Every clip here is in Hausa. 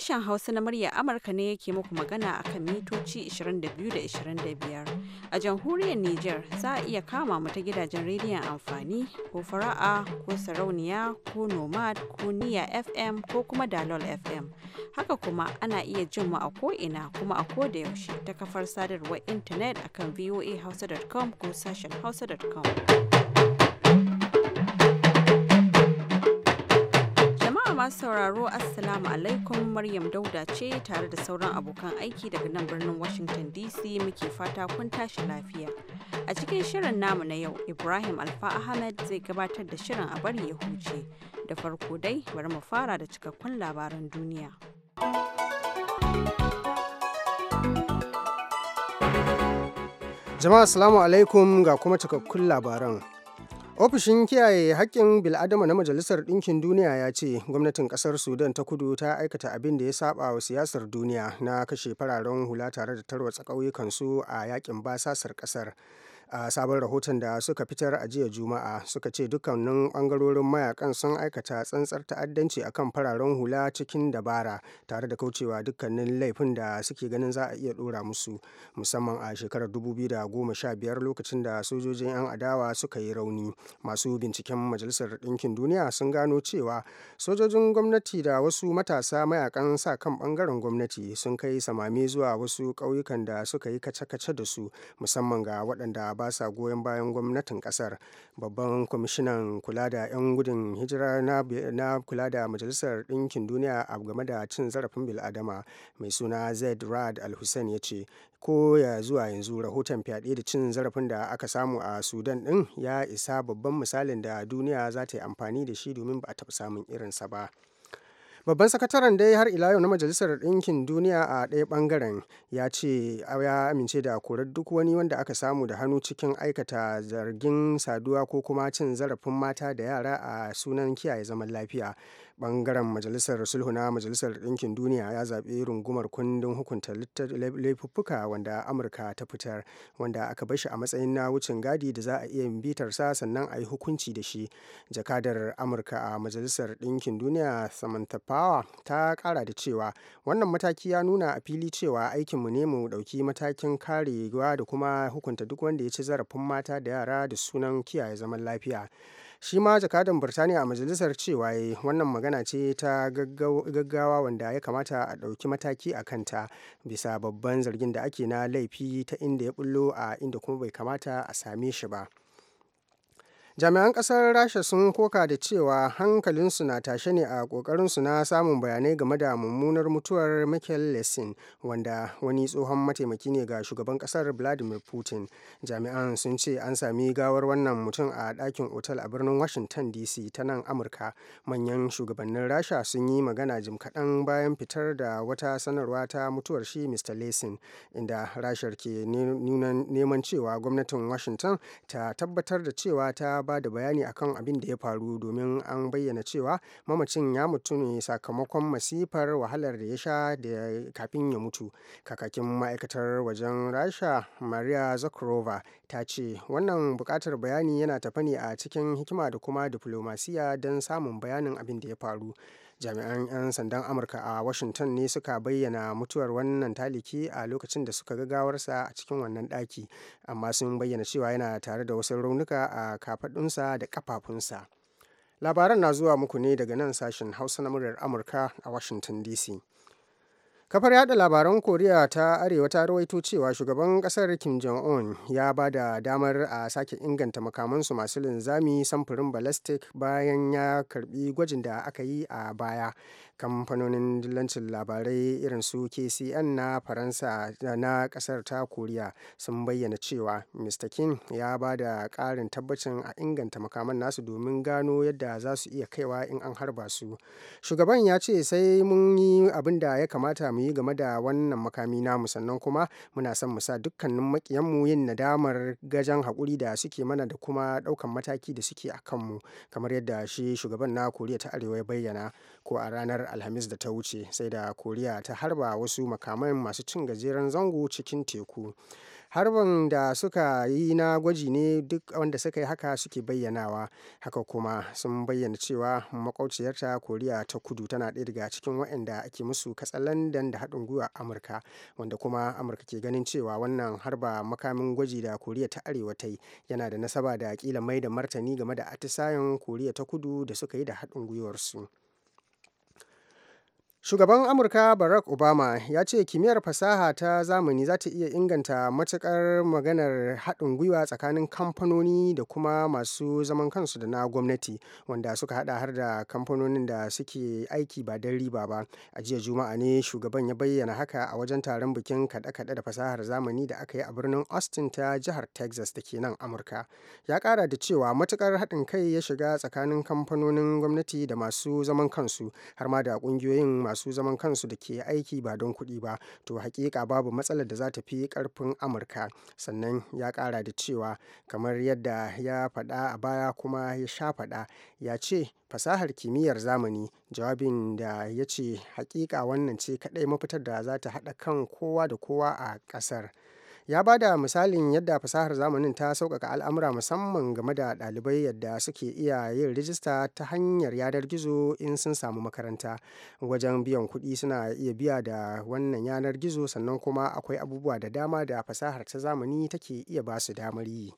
Sashen Hausa na murya Amurka ne yake muku magana a kan mitoci 22 da 25. A jamhuriyar Nijar za a iya kama mu ta gidajen rediyon amfani ko fara'a ko sarauniya ko nomad ko niya FM ko kuma dalol FM. Haka kuma ana iya jin mu a ko'ina kuma a koda yaushe ta kafar sadarwar intanet a akan voahausa.com ko sashen hausa.com. masu sauraro Assalamu alaikum Maryam Dauda ce tare da sauran abokan aiki daga nan birnin Washington DC muke fata kun tashi lafiya. A cikin shirin namu na yau, Ibrahim Alfa Ahmed zai gabatar da shirin a bari ya huce. Da farko dai, bari mu fara da cikakkun labaran duniya. Jama'a Assalamu alaikum ga kuma cikakkun labaran. Ofishin kiyaye haƙƙin bil'adama na Majalisar Ɗinkin Duniya ya ce gwamnatin ƙasar Sudan ta kudu ta aikata abin da ya saba wa siyasar duniya na kashe fararen hula tare da tarwatsa ƙauyukansu a yaƙin basasar ƙasar. a sabon rahoton da suka fitar a jiya juma'a suka ce dukkanin bangarorin mayakan sun aikata tsantsar ta'addanci akan fararen hula cikin dabara tare da kaucewa dukkanin laifin da suke ganin za a iya dora musu musamman a shekarar 2015 lokacin da sojojin 'yan adawa suka yi rauni masu binciken majalisar ɗinkin duniya sun gano cewa sojojin gwamnati da wasu matasa mayakan sa kan bangaren gwamnati sun kai samami zuwa wasu ƙauyukan da suka yi kace-kace da su musamman ga waɗanda ba sa goyon bayan gwamnatin kasar babban kwamishinan kula da 'yan gudun hijira na kula da majalisar ɗinkin duniya a game da cin zarafin bil'adama mai suna zaid rad al-hussein ya ce ko ya zuwa yanzu rahoton fyaɗe da cin zarafin da aka samu a sudan ɗin ya isa babban misalin da duniya za ta yi amfani da shi domin ba a taɓa samun irinsa ba. Babban sakataren dai har ila yau na Majalisar Ɗinkin Duniya a ɗaya ɓangaren ya ce ya amince da korar duk wani wanda aka samu da hannu cikin aikata zargin saduwa ko kuma cin zarafin mata da yara a sunan kiyaye zaman lafiya. bangaren majalisar sulhu na majalisar ɗinkin duniya ya zaɓi rungumar kundin hukunta laifuffuka wanda amurka ta fitar wanda aka bashi a matsayin na wucin gadi da za a iya bitarsa sannan a yi hukunci da shi jakadar amurka a majalisar ɗinkin duniya samantha power ta kara da cewa wannan mataki ya nuna a fili cewa aikinmu ne mu ɗauki matakin karewa da kuma hukunta duk wanda ya ci zarafin mata da yara da sunan kiyaye zaman lafiya shi ma jakadan birtaniya a majalisar cewa wannan magana ce ta gaggawa wanda ya kamata a ɗauki mataki a kanta bisa babban zargin da ake na laifi ta inda ya bullo a inda kuma bai kamata a same shi ba jami'an kasar rasha sun koka da cewa hankalinsu na tashe ne a su na samun bayanai game da mummunar mutuwar michael lesin wanda wani tsohon mataimaki ne ga shugaban kasar vladimir putin jami'an sun ce an sami gawar wannan mutum a dakin otal a birnin washington dc ta nan amurka manyan shugabannin rasha sun yi magana jim kaɗan bayan fitar da wata sanarwa ta mutuwar shi mr lesin inda rashar ke neman cewa gwamnatin washington ta tabbatar da cewa ta ba da bayani akan abin da ya faru domin an bayyana cewa mamacin ya mutu ne sakamakon masifar wahalar da ya sha da kafin ya mutu kakakin ma'aikatar wajen rasha maria zakharova ta ce wannan bukatar bayani yana tafani a cikin hikima da kuma diflomasiya don samun bayanin abin da ya faru jami'an 'yan sandan amurka a washington ne suka bayyana mutuwar wannan taliki a lokacin da suka gagawarsa a cikin wannan ɗaki amma sun bayyana cewa yana tare da wasu raunuka a kafaɗunsa da ƙafafunsa labaran na zuwa muku ne daga nan sashen hausa na muryar amurka a washington dc kafar yada labaran koriya ta arewa ta rawaito cewa shugaban kasar kim jong-un ya ba da damar a sake inganta makamansu masu linzami samfurin balastik bayan ya karbi gwajin da aka yi a baya kamfanonin dillancin labarai irin su kcn na faransa eh, na kasar ta koriya sun bayyana cewa mr king ya ba da karin tabbacin a inganta makaman nasu domin gano yadda za su iya kaiwa in an harba su shugaban ya ce sai mun yi abin da ya kamata mu yi game da wannan makami namu sannan kuma muna son mu sa dukkanin makiyanmu yin nadamar gajan hakuri da suke mana da kuma ɗaukan mataki da suke a kanmu kamar yadda shi shugaban na koriya ta arewa ya bayyana ko a ranar alhamis da ta wuce sai da koriya ta harba wasu makaman masu cin gajeren zango cikin teku harban da suka yi na gwaji ne duk wanda suka yi haka suke bayyanawa haka kuma sun bayyana cewa makwauciyarta koriya ta kudu tana ɗaya daga cikin waɗanda ake musu katsalandan da haɗin gwiwa amurka wanda kuma amurka ke ganin cewa wannan harba makamin gwaji da koriya ta arewa ta yi yana da nasaba da kila mai da martani game da atisayen koriya ta kudu da suka yi da haɗin gwiwarsu. Shugaban Amurka Barack Obama ya ce kimiyyar fasaha ta zamani za ta iya inganta matukar maganar haɗin gwiwa tsakanin kamfanoni da kuma masu zaman kansu da na gwamnati wanda suka haɗa har da kamfanonin da suke aiki ba don riba ba. A jiya Juma'a ne shugaban ya bayyana haka a wajen taron bikin kaɗe-kaɗe da fasahar zamani da aka yi a birnin Austin ta jihar Texas da ke nan Amurka. Ya kara da cewa matukar haɗin kai ya shiga tsakanin kamfanonin gwamnati da masu zaman kansu har ma da ƙungiyoyin masu masu zaman kansu da ke aiki ba don kuɗi ba to hakika babu matsalar da za ta fi karfin amurka sannan ya ƙara da cewa kamar yadda ya faɗa a baya kuma ya sha faɗa ya ce fasahar kimiyyar zamani jawabin da ya ce hakika wannan ce kaɗai mafitar da za ta haɗa kan kowa da kowa a ƙasar. ya ba da misalin yadda fasahar zamanin ta sauƙaƙa al'amura musamman game da ɗalibai yadda suke iya yin rijista ta hanyar yanar gizo in sun samu makaranta wajen biyan kuɗi suna iya biya da wannan yanar gizo sannan kuma akwai abubuwa da dama da fasahar ta zamani take iya ba su damar yi.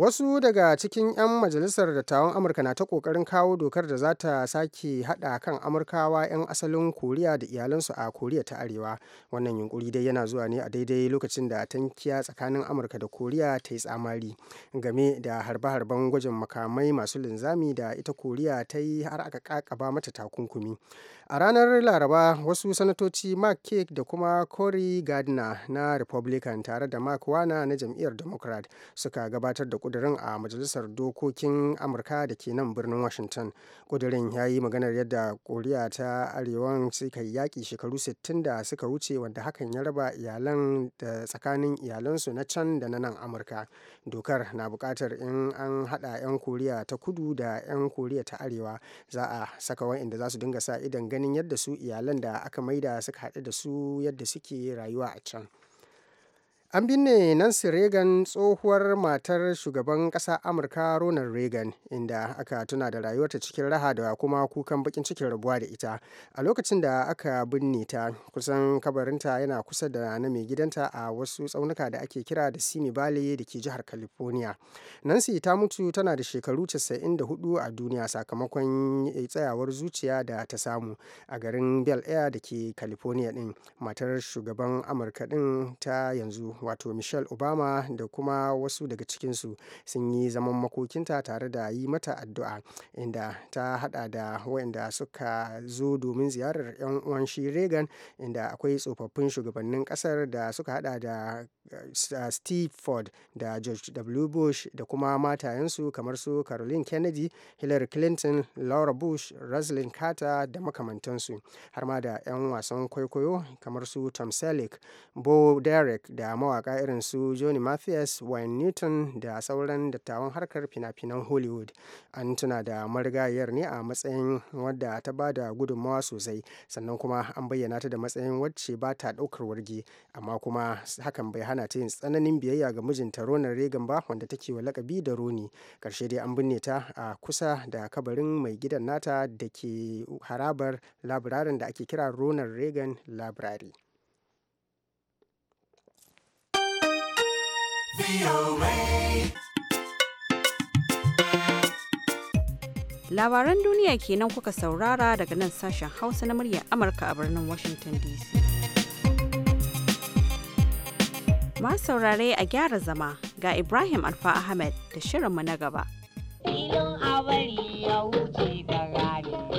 Wasu daga cikin 'yan majalisar dattawan Amurka na ta kokarin kawo dokar da za ta sake hada kan Amurkawa 'yan asalin Koriya da iyalansu a Koriya ta Arewa. Wannan yunkuri dai yana zuwa ne a daidai lokacin da tankiya tsakanin Amurka da Koriya ta yi tsamari game da harbe-harben gwajin makamai masu linzami da ita Koriya ta yi har aka kakaba mata takunkumi. A ranar Laraba, wasu Sanatoci Mark Kek da kuma Cory Gardner na Republican tare da Mark Wana na jam'iyyar Democrat suka gabatar da kudurin a Majalisar Dokokin Amurka da ke nan birnin Washington. Kudurin ya yi maganar yadda Koriya ta Arewan suka yi yaƙi shekaru 60 da suka wuce wanda hakan ya raba iyalan da tsakanin iyalansu na can da na nan Amurka. dokar na bukatar in an hada 'yan koriya ta kudu da 'yan koriya ta arewa za a saka wa'inda za su dinga sa idan ganin yadda su iyalan da aka maida suka haɗu da su yadda suke rayuwa a can An binne Nancy Reagan tsohuwar matar shugaban ƙasa Amurka Ronald Reagan inda aka tuna da rayuwarta cikin raha da kuma kukan bakin cikin rabuwa da ita. A lokacin da aka binne ta kusan kabarinta yana kusa da na mai gidanta a wasu tsaunuka da ake kira da Simi bale da ke jihar California. Nancy ta mutu tana da shekaru 94 a duniya sakamakon tsayawar zuciya da ta samu a garin Bel Air da ke California din. Matar shugaban Amurka din ta yanzu wato michelle obama da kuma wasu daga cikinsu sun yi zaman makokinta tare da yi mata addu'a inda ta hada da wayanda suka zo domin ziyarar 'yan uwan shi reagan inda akwai tsofaffin shugabannin kasar da suka hada da eh, steve ford da george w bush da kuma matayensu kamar su caroline kennedy hillary clinton laura bush rosalyn carter da makamantansu har ma da 'yan wasan kwaikwayo kamar su tom selleck bo derek da mawa mawaka irin su Johnny mathias Wayne Newton da sauran dattawan harkar fina-finan Hollywood. An tuna da marigayar ne a matsayin wadda ta ba da gudunmawa sosai sannan kuma an bayyana ta da matsayin wacce ba ta ɗaukar wargi amma kuma hakan bai hana ta yin tsananin biyayya ga mijinta Ronald Reagan ba wanda take wa lakabi da Roni. Karshe dai an binne ta a kusa da kabarin mai gidan nata da ke harabar labirarin da ake kira Ronald Reagan Library. Labaran duniya kenan kuka saurara daga nan sashen Hausa na muryar Amurka a birnin Washington DC. Ma saurare a gyara zama ga Ibrahim Alfa Ahmed da mu na gaba. Ilon a bari ya wuce da rani.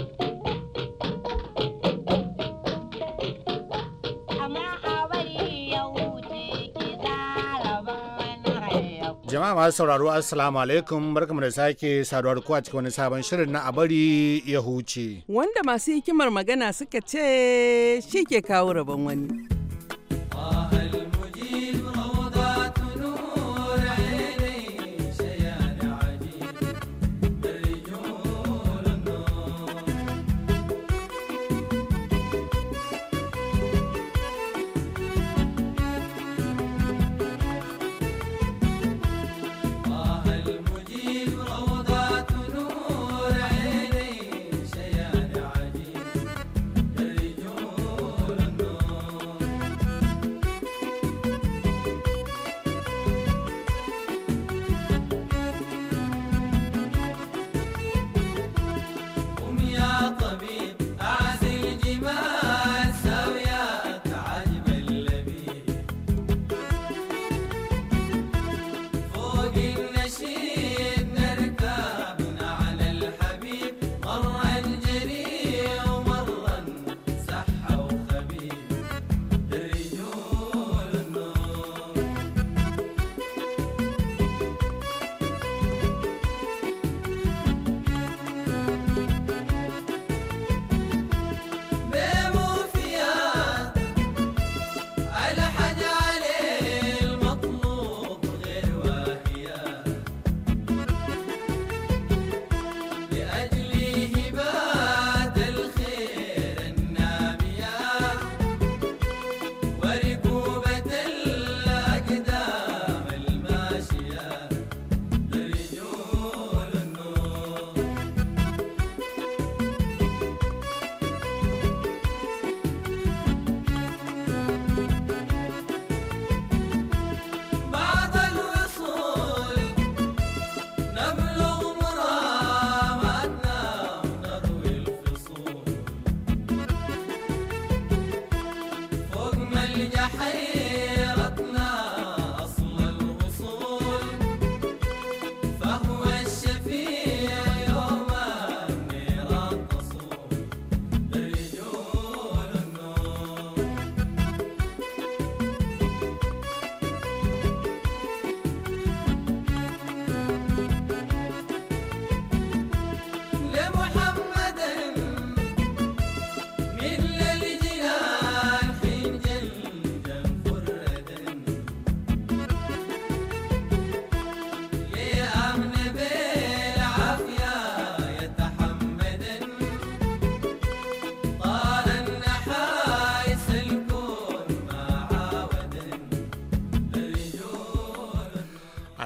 masu sauraro Assalamu alaikum barkamu da sake saduwar da cikin wani sabon shirin na abari ya huce. Wanda masu hikimar magana suka ce shi ke kawo rabon wani.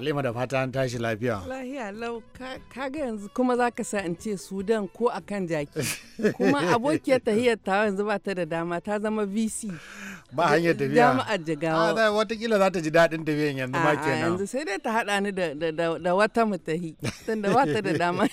halima da fata an tashi lafiya lahiya lau kaga yanzu kuma za ka sa in ce sudan ko akan jaki kuma abokiyar tahiyar tawa yanzu ba ta da dama ta zama vc ba hanyar tafiya jama'ar jigawa ah, a watakila za ta ji daɗin tafiyan yanzu ma kenan yanzu sai dai ta haɗa ni da wata mutahi tun da wata da dama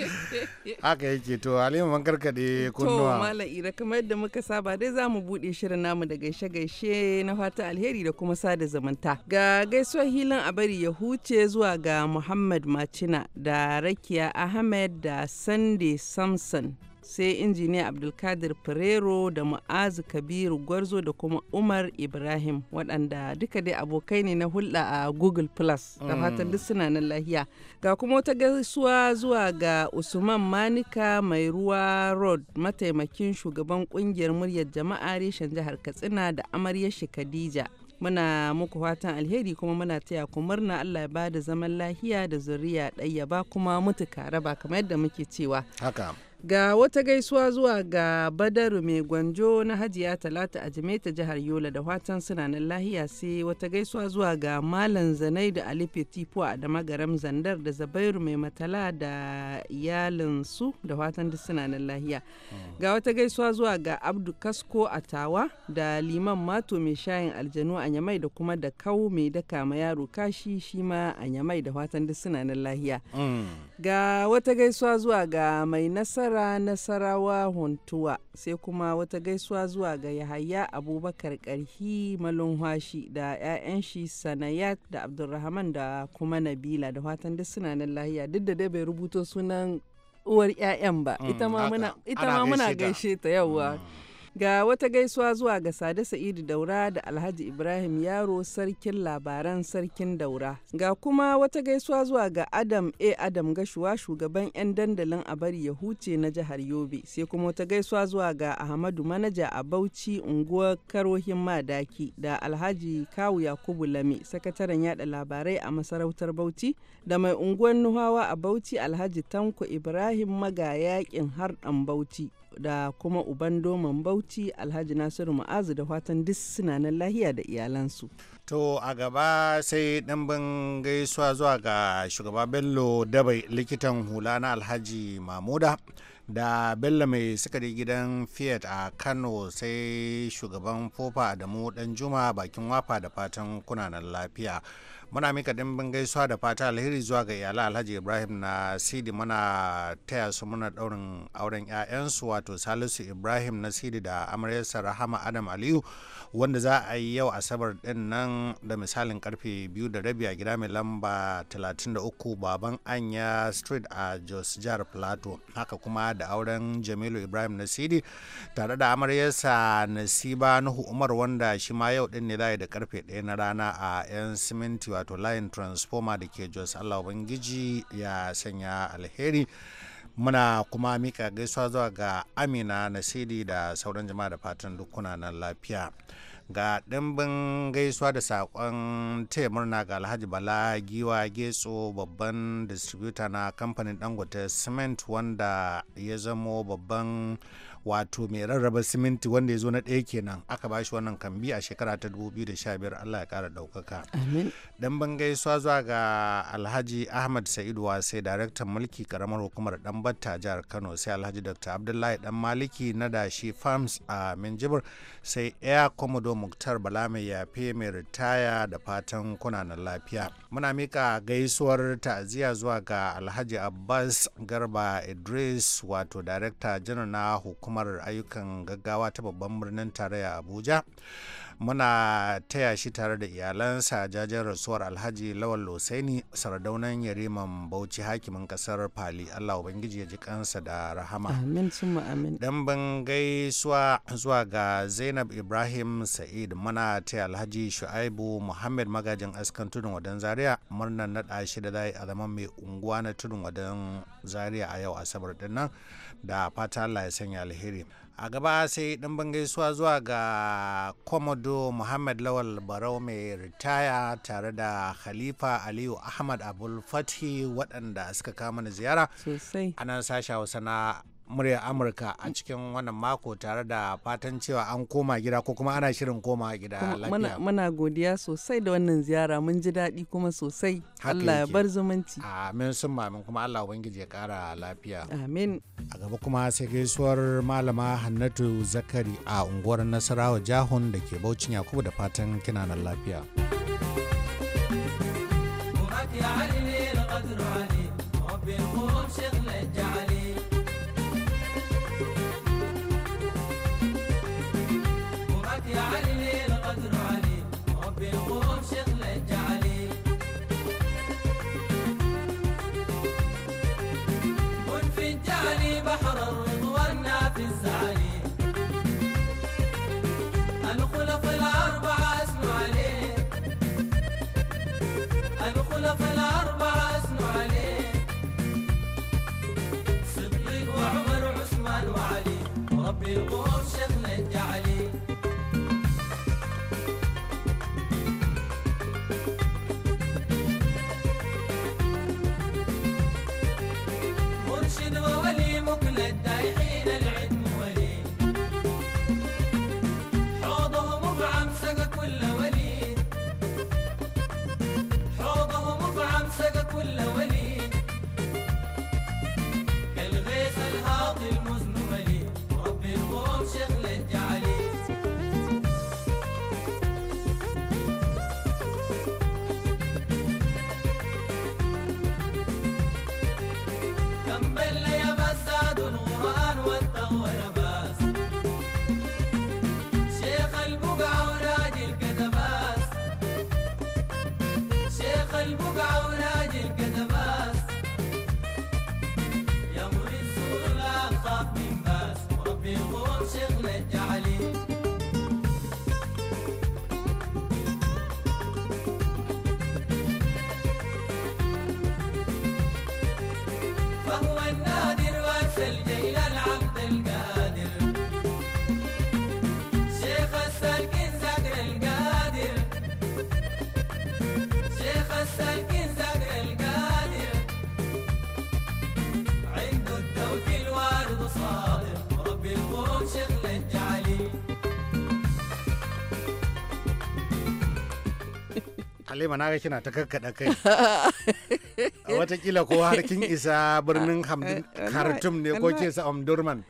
haka yake to halima man karkaɗe kunnuwa to mala ira kamar yadda muka saba dai za mu buɗe shirin namu da gaishe-gaishe na fata alheri da kuma sada zumunta ga gaisuwar hilin a bari ya huce zuwa ga muhammad macina da rakiya ahmed da sunday samson sai injiniya abdulkadir ferrero da mu'azu kabiru gwarzo da kuma umar ibrahim waɗanda duka dai abokai ne na hulɗa a google plus da mm. fatan duk suna nan lahiya ga kuma wata gaisuwa zuwa ga usman manika mai ruwa road mataimakin shugaban kungiyar muryar jama'a reshen jihar katsina da amaryarshi khadija muna muku fatan alheri kuma muna taya ku murna Allah ya bada zaman lahiya da zuriya ɗaya ba kuma mutu kare ba kamar yadda muke cewa haka Ga wata gaisuwa zuwa ga Badaru mai gwanjo na Hajiya Talata a Jimeta jihar Yola da watan suna nan lahiya sai wata gaisuwa zuwa ga Malam Zanai da Ali Fetifuwa da magaram Zandar da Zabairu mai matala da iyalinsu da watan duk suna lahiya. Ga wata gaisuwa zuwa ga Abdu Kasko a Tawa da Liman Mato mai shayin aljanu a Nyamai da kuma da Kau mai daka ma yaro kashi shi ma a Nyamai da watan duk suna lahiya. Mm. Ga wata gaisuwa zuwa ga mai nasara nasarawa huntuwa sai kuma wata gaisuwa zuwa ga Yahaya Abubakar Karhi Malumhashi da 'ya'yan shi Sanayat da Abdulrahman da kuma Nabila da fatan duk suna nan lahiya duk da dai bai rubuto sunan uwar 'ya'yan ba mm, ita ma muna gaishe ta yauwa. Mm. Ga wata gaisuwa zuwa ga Sade Sa'idu Daura da Alhaji Ibrahim Yaro sarkin labaran sarkin Daura. Ga kuma wata gaisuwa zuwa ga Adam A. Adam Gashuwa shugaban 'yan dandalin a bari ya huce na jihar Yobe. Sai kuma wata gaisuwa zuwa ga Ahmadu Manaja a Bauchi unguwar Karohin Madaki da Alhaji Kawu Yakubu Lami sakataren yada labarai a masarautar Bauchi da mai unguwar Nuhawa a Bauchi Alhaji Tanko Ibrahim Magayakin harɗin Bauchi. da kuma uban doman bauchi alhaji nasiru ma'azu da fatan duk suna nan lahiya da iyalansu to a gaba sai ban gaisuwa zuwa ga shugaba bello dabai likitan hula na alhaji mamuda da bello mai sukari gidan fiat a kano sai shugaban fofa da mu dan juma bakin wafa da fatan kunanan lafiya muna mika dimbin gaisuwa da fata alheri zuwa ga iyalai alhaji ibrahim na sidi muna taya su muna daurin auren 'ya'yansu wato salisu ibrahim na sidi da amaryarsa rahama adam aliyu wanda za a yi yau asabar din nan da misalin karfe biyu da rabi a gida mai lamba 33 baban anya street a jos jihar plateau haka kuma da auren jamilu ibrahim na sidi tare da amaryarsa nasiba nuhu umar wanda shi ma yau din ne za da karfe 1 na rana a 'yan siminti wato line transformer da ke jos allah ubangiji ya sanya alheri muna kuma mika gaisuwa zuwa ga amina nasiri da sauran jama'a da fatan dukkuna nan lafiya ga ɗimbin gaisuwa da saƙon taya murna ga alhaji bala giwa getso babban distributor na kamfanin dangote cement wanda ya zamo babban wato mai rarraba siminti wanda ya zo na ɗaya kenan aka ba shi wannan kambi a shekara ta 2015 Allah ya kara ɗaukaka. Dan ban gaisuwa zuwa ga Alhaji Ahmad Sa'id Wase daraktan mulki karamar hukumar Dan Batta jihar Kano sai Alhaji Dr. Abdullahi Dan Maliki na dashi Farms a Minjibir sai Air Commodore Muktar Bala mai yafe mai ritaya da fatan kunanan lafiya. Muna mika gaisuwar ta'aziyya zuwa ga Alhaji Abbas Garba Idris wato darakta janar na hukumar hukumar ayyukan gaggawa ta babban birnin tarayya abuja muna taya shi tare da iyalansa jajen rasuwar alhaji lawal losaini sardaunan yariman bauchi hakimin kasar pali allah ubangiji ya ji kansa da rahama amin summa amin dan ban gaisuwa zuwa ga zainab ibrahim sa'id muna taya alhaji shu'aibu muhammad magajin askan tudun wadan zaria murnar naɗa shi da zai a zaman mai unguwa na tudun wadan zaria a yau asabar dinnan da fata allah ya sanya alheri a gaba sai ɗimbin gaisuwa zuwa ga komodo muhammad lawal barau mai ritaya tare da khalifa aliyu ahmad abul fathi waɗanda suka kama ziyara a nan sashe hausa na murya amurka a cikin wannan mako tare da fatan cewa an koma gida ko kuma ana shirin koma gida lafiya muna godiya sosai da wannan ziyara mun ji daɗi kuma sosai allah ya bar zumunci amin sun mamin kuma allah ubangiji ya kara lafiya amin a gaba kuma sai gaisuwar malama hannatu zakari a unguwar nasarawa jahun da ke baucin yakubu da fatan kina nan lafiya ربي القلوب شغله جعل pelo bom Jesus. Halima na ga kina ta karkada kai. A Watakila ko har kin isa birnin eh, eh, eh, Khartoum ne ko ke sa Omdurman.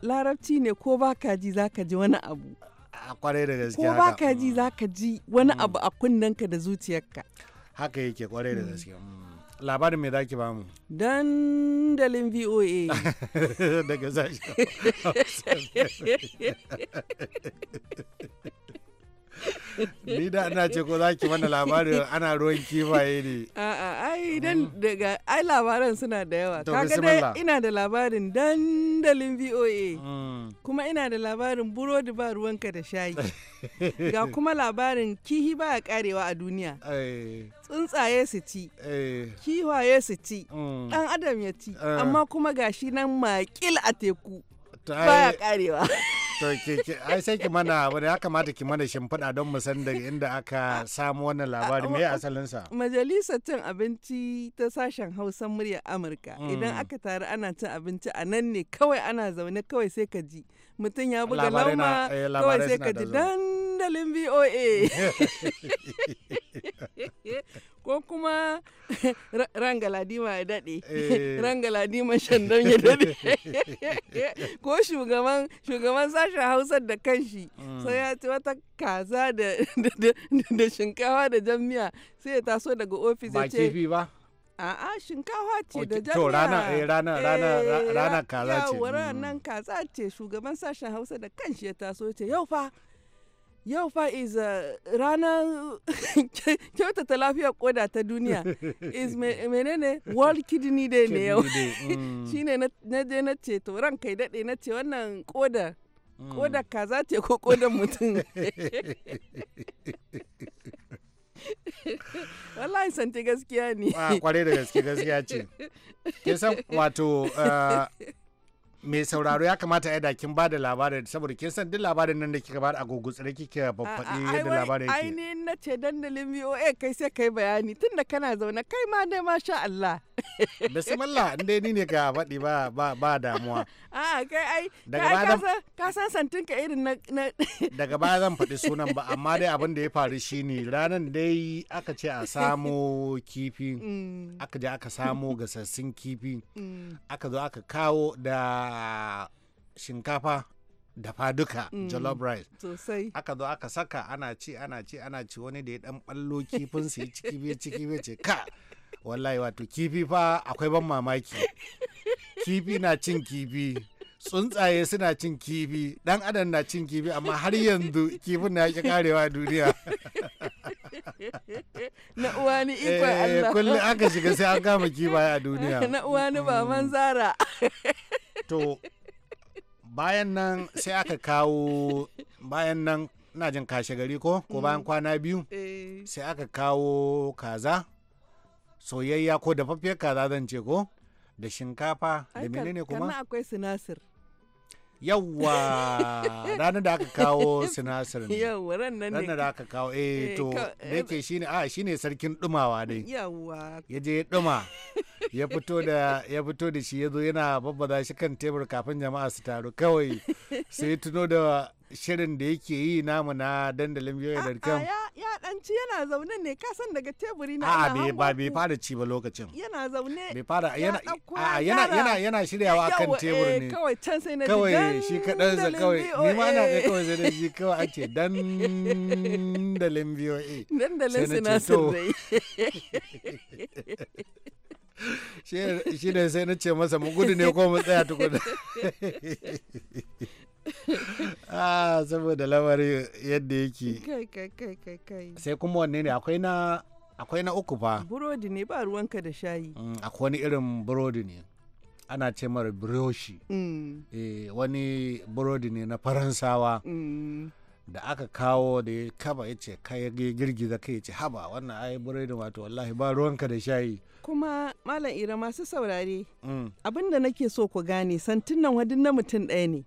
Larabci ne ko ba ka ji za ka ji wani abu. A kwarai da gaskiya. Ko ba ka ji za ka ji wani abu a kunnenka da zuciyarka. haka yake kwarai da mm. gaske mm. labarin me za ki bamu dandalin voa daga sashi ni da ana ce ko za ki mana labarin ana ruwan kifaye ne a'a ai dan daga ai labaran suna da yawa kaga dai ina da labarin dandalin VOA mm. kuma ina da labarin burodi ba ruwanka da shayi ga kuma labarin kihi ba karewa a duniya eh. tsuntsaye su ci eh. kihwaye su ci dan mm. adam ya ci eh. amma kuma gashi nan makil a teku baya karewa to sai ki mana wani ya kamata ki mana shimfiɗa don mu san daga inda aka samu wannan labari mai asalinsa. sa cin abinci ta sashen Hausa murya Amurka mm. idan aka taru ana cin abinci a nan ne kawai ana zaune kawai sai ka ji mutum ya buga lauma eh, kawai sai ka ji dandalin VOA ko kuma ma ya daɗe eh. rangaladima shandon ya daɗe ko shugaban shugaban sashen hausa da kanshi mm. sai ya ci wata kaza da shinkawa da jami'a sai ya taso daga ofis ya ce A'a shinkafa ce da jami'a. To rana eh, rana eh, rana rana kaza ce. Yawwa mm. nan kaza ce shugaban sashen Hausa da kanshi ya taso ce yau fa yau fa is ranar kyautata lafiyar koda ta duniya is menene world kidney day ne yau mm. shine na je na ce to ran kai dade na ce wannan koda mm. koda kaza ce ko kodan mutum wallahi santi gaskiya ne ah, kware da gaske gaskiya ce ke san wato ah, mai sauraro ya kamata ya da kin da labarin saboda kin san duk labarin nan da kika bada a tsare kike babbaɗe yadda labarin yake. Ainihin na ce dandalin VOA kai sai kai bayani tunda kana zaune kai ma dai masha Allah. bismillah in dai ni ne ka faɗi ba ba damuwa a ah, kai ai daga baya ka san santin ka irin na daga baya zan faɗi sunan ba amma dai abin da ya faru shine ranan dai aka ce a samo kifi mm. aka je aka samo gasassun kifi mm. aka zo aka kawo da shinkafa dafa duka mm. jollof rice sosai aka zo aka saka ana ci ana ci ana ci wani da ya dan ballo kifin su ciki bai ciki bai ce ka wallahi wato kifi fa akwai ban mamaki kifi na cin kifi tsuntsaye suna cin kifi dan adam na cin kifi amma har yanzu kifin na yake karewa duniya na uwa ni ikon eh, Allah kulli aka shiga sai an kama kifi a duniya na uwa ni baban zara to bayan nan sai aka kawo bayan nan na jin kashe gari ko ko bayan mm. kwana biyu eh. sai aka kawo kaza soyayya ko dafaffiyar kaza zan ce ko da shinkafa da menene kuma kana akwai sinasir yawwa ranar da aka kawo sinasir ne yawwa ranar da aka kawo eh, eh to da yake eh, shine a ah, shine sarkin dumawa ne, yawwa yaje ya duma ya fito da ya fito da shi yazo yana babbaza shi kan tebur kafin jama'a su taru kawai sai tuno da shirin da yake yi namu na dandalin da biyoyi.com. Ya dan ci yana zaune ne kasan daga teburi na A bai ba bai fara ci ba lokacin. Yana zaune. Bai fara yana a yana yana yana shiryawa akan eh, tebur ne. Kawai can sai na Kawai shi kadan sa kawai ni ma na kai kawai sai shi kawai a ce dandalin biyoyi. Dandalin sai na ce Shi ne sai na ce masa mu gudu ne ko mu tsaya tukuna. ah saboda lamarin yadda yake kai kai kai kai kai sai kuma wanne ne akwai na akwai na uku fa burodi ne ba ruwanka da shayi mm, akwai wani irin burodi ne ana ce mara brioche mm. eh, wani burodi ne na faransawa mm. da aka kawo da ya kaba ya ce kai girgiza kai ya ce haba wannan ai burodi wato wallahi ba ruwanka da shayi kuma malam ira masu saurare abin da nake so ku gane santin nan wadin na mutum ɗaya ne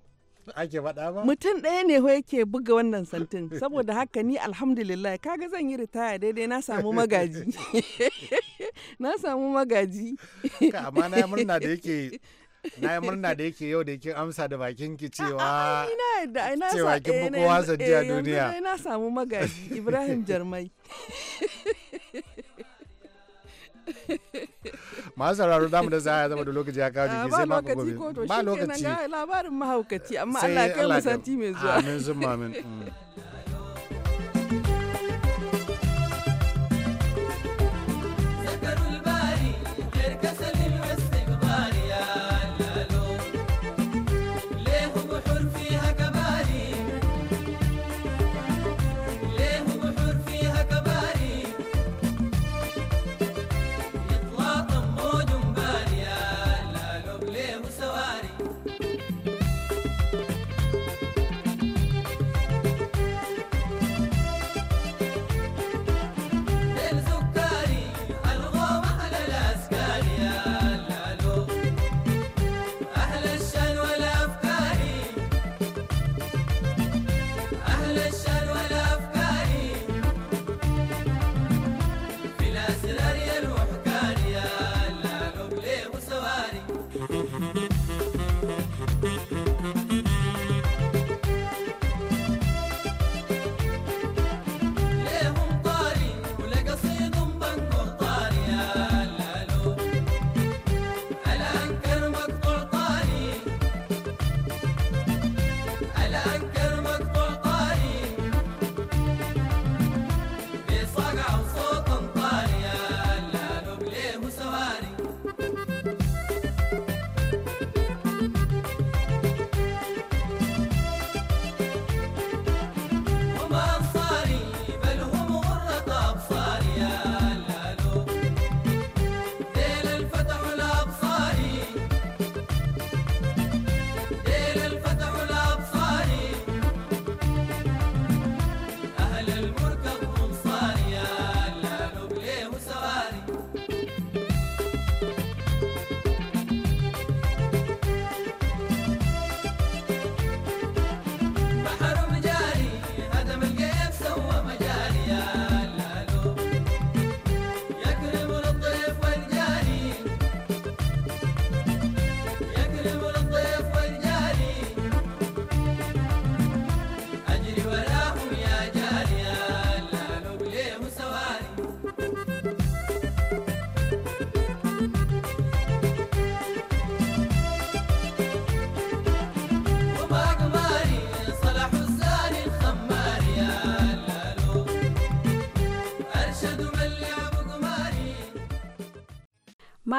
ake faɗa ba mutum ɗaya ne ho yake buga wannan santin saboda haka ni alhamdulillah kaga zan yi ritaya daidai na samu magaji na samu magaji amma na murna da yake na yi murna da yake yau da yake amsa da bakin ki cewa cewa ki fi eh, kowa eh, duniya na samu magaji ibrahim jarmai masu sauraro damu da za'a zama da lokaci ya kawo jiki ah, sai mako gobe ba lokaci labarin mahaukaci amma Allah kai mu santi mai zuwa amin sun amin mm. Zakarul bari,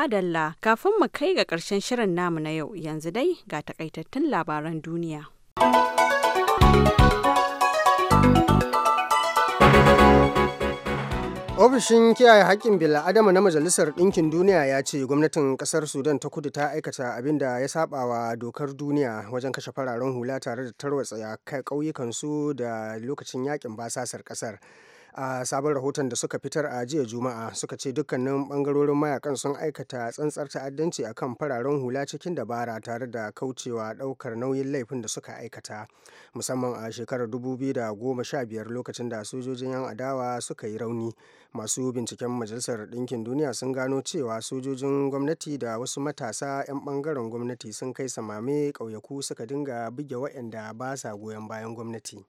madalla kafin mu kai ga ƙarshen shirin namu na yau yanzu dai ga takaitattun labaran duniya. ofishin kiyaye haƙƙin bil'adama na majalisar ɗinkin duniya ya ce gwamnatin ƙasar sudan ta kudu ta aikata abin da ya saba dokar duniya wajen kashe fararen hula tare da tarwatsa ƙauyukansu da lokacin yaƙin basasar ƙasar a sabon rahoton da suka fitar a jiya juma'a suka ce dukkanin bangarorin mayakan sun aikata tsantsar ta'addanci a kan fararen hula cikin dabara tare da kaucewa daukar nauyin laifin da suka aikata musamman a shekarar 2015 lokacin da sojojin yan adawa suka yi rauni masu binciken majalisar ɗinkin duniya sun gano cewa sojojin gwamnati da wasu matasa 'yan bangaren gwamnati sun kai samame ƙauyaku suka dinga buge waɗanda ba sa goyon bayan gwamnati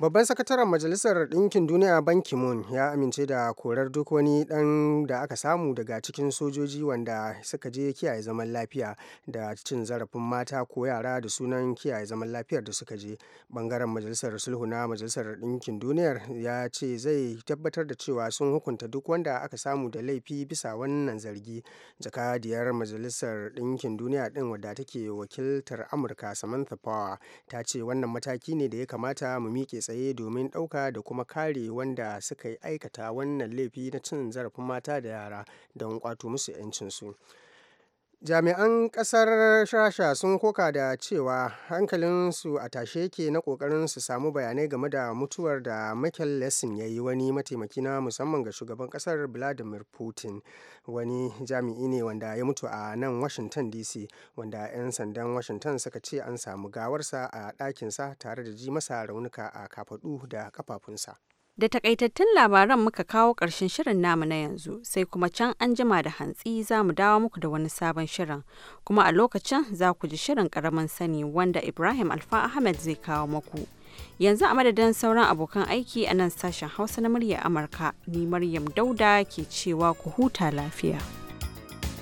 Babban sakataren Majalisar Ɗinkin Duniya Ban Ki-moon ya amince da korar duk wani ɗan da aka samu daga cikin sojoji wanda suka je kiyaye zaman lafiya da cin zarafin mata ko yara da sunan kiyaye zaman lafiyar da suka je. Bangaren Majalisar Sulhu na Majalisar Ɗinkin Duniyar ya ce zai tabbatar da cewa sun hukunta duk wanda aka samu da laifi bisa wannan zargi. Jakadiyar Majalisar Ɗinkin Duniya ɗin wadda take wakiltar Amurka Samantha Power ta ce wannan mataki ne da ya kamata mu miƙe tsaye domin ɗauka da kuma kare wanda suka yi aikata wannan laifi na cin zarafin mata da yara don kwato musu 'yancinsu. jami'an kasar rasha sun koka da cewa hankalinsu a tashe yake na kokarin su samu bayanai game da mutuwar da michael lesson ya yi wani mataimaki na musamman ga shugaban kasar vladimir putin wani jami'i ne wanda ya mutu a nan washington dc wanda 'yan sandan washington suka ce an samu gawarsa a ɗakinsa tare da ji masa raunuka a kafaɗu da kafafunsa. Da takaitattun labaran muka kawo ƙarshen shirin namu na yanzu, sai kuma can an jima da hantsi za mu dawo muku da wani sabon shirin. Kuma a lokacin za ku ji shirin ƙaramin sani wanda Ibrahim Alfa Ahmed zai kawo muku. Yanzu a madadin sauran abokan aiki a nan sashen Hausa na murya Amurka, ni Maryam Dauda ke cewa ku huta lafiya.